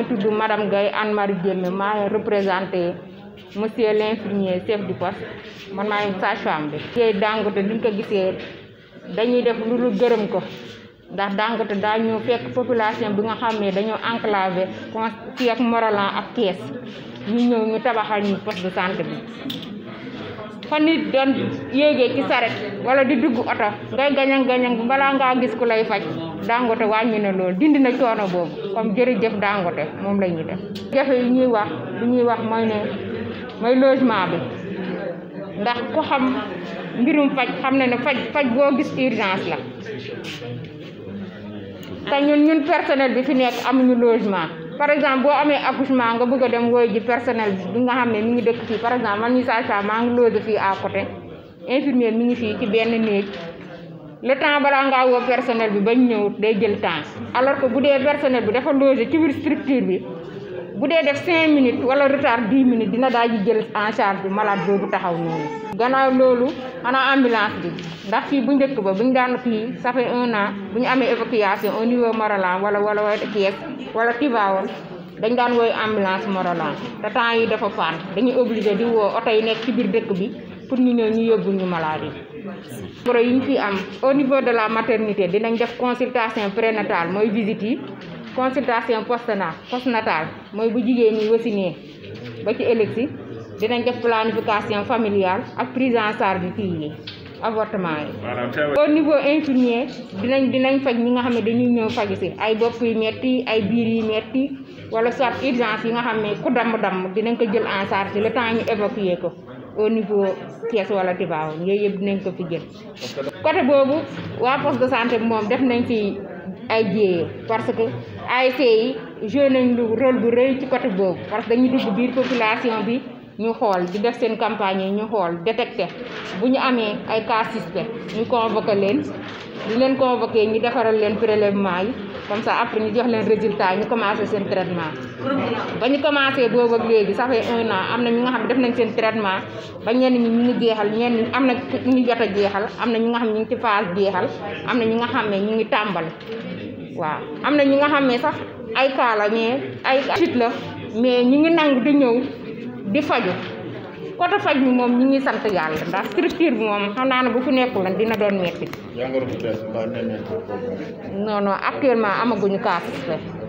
ngi tudd madame Gaye Anne Marie Diémé maa ngi représenté monsieur l'infirmier chef du poste man maa ngi sage-femme bi. liggéey Dangote li ko gisee dañuy def lu lu gërëm ko ndax Dangote daa ñu fekk population bi nga xam ne dañoo enclavé fii ak Morolan ak Thiès ñu ñëw ñu tabaxal ñu poste de santé bi. fa nit doon yéegee ci saret wala di dugg oto ngay gañang gañang balaa ngaa gis ku lay faj Dangote wàññi na dindi na coono boobu. comme jërëjëf Dangote moom la dem def jafe yi ñuy wax li ñuy wax mooy ne mooy logement bi ndax ku xam mbirum faj xam ne ne faj faj boo gis urgence la te ñun ñun personnel bi fi nekk amuñu logement par exemple boo amee accouchement nga bëgg a dem woy ji personnel bi nga xam ne mi ngi dëkk fii par exemple man ñu saa saa maa ngi loge fii à côté infirmier mi ngi fii ci benn néeg le temps balaa ngaa woo personnel bi bañ ñëw day jël temps alors que bu dee personnel bi dafa logé ci biir bi bu dee def cinq minutes wala retard dix minutes dina daal di jël en charge bi malade boobu taxaw noonu. gannaaw loolu xanaa ambulance bi ndax fii bu njëkk ba bu ñu daan fii ça fait un an bu ñu amee évacuation au niveau Morolan wala wala wala Thiès wala Tivaouane dañ daan woy ambulance Morolan te temps yi dafa faan dañuy obligé di woo oto yi nekk ci biir dëkk bi. pour ñu ñëw ñu yóbbul ñu malade yi. yi ñu fi am au niveau de la maternité dinañ def consultation prénatale mooy visite yi consultation post postnatale mooy bu jigéen ñi wasinee ba ci élection dinañ def planification familiale ak prise en charge bi yi avortement yi. au niveau infirmier dinañ dinañ faj ñi nga xam ne dañuy ñëw faj si ay bopp yu metti ay biir yu metti wala soit urgence yi nga xam ne ku damm-damm dinañ ko jël en charge le temps ñu évacuer ko. au niveau Thiès wala Tivaouane yooyu yëpp dinañ ko fi jël côté boobu waa poste de santé bi moom def nañ fi ay jéyee parce que ASC yi joué nañ lu rôle bu rëy ci côté boobu parce que dañuy dugg biir population bi ñu xool di def seen campagne yi ñu xool détecté bu ñu amee ay cas suspect ñu convoqué di leen convoqué ñu defaral leen prélèvement yi comme ça après ñu jox leen résultat ñu commencé seen traitement ba ñu commencé boobu ak léegi sax fait un an am na ñu nga xam ne def nañ seen traitement ba ñenn ñi ñu ngi jeexal ñenn ñi am na ñu jot a jeexal am na ñu nga xam ñu ngi ci phase jeexal am na ñu nga xam ne ñu ngi tàmbal waaw am na ñu nga xam ne sax ay kaa la ay chute la mais ñu ngi nangu di ñëw di faju côté faj mi moom ñi ngi sant yàlla ndax structure bi moom xam naa ne bu fi nekkul lan dina doon metti non non actuellement amaguñu cas suspect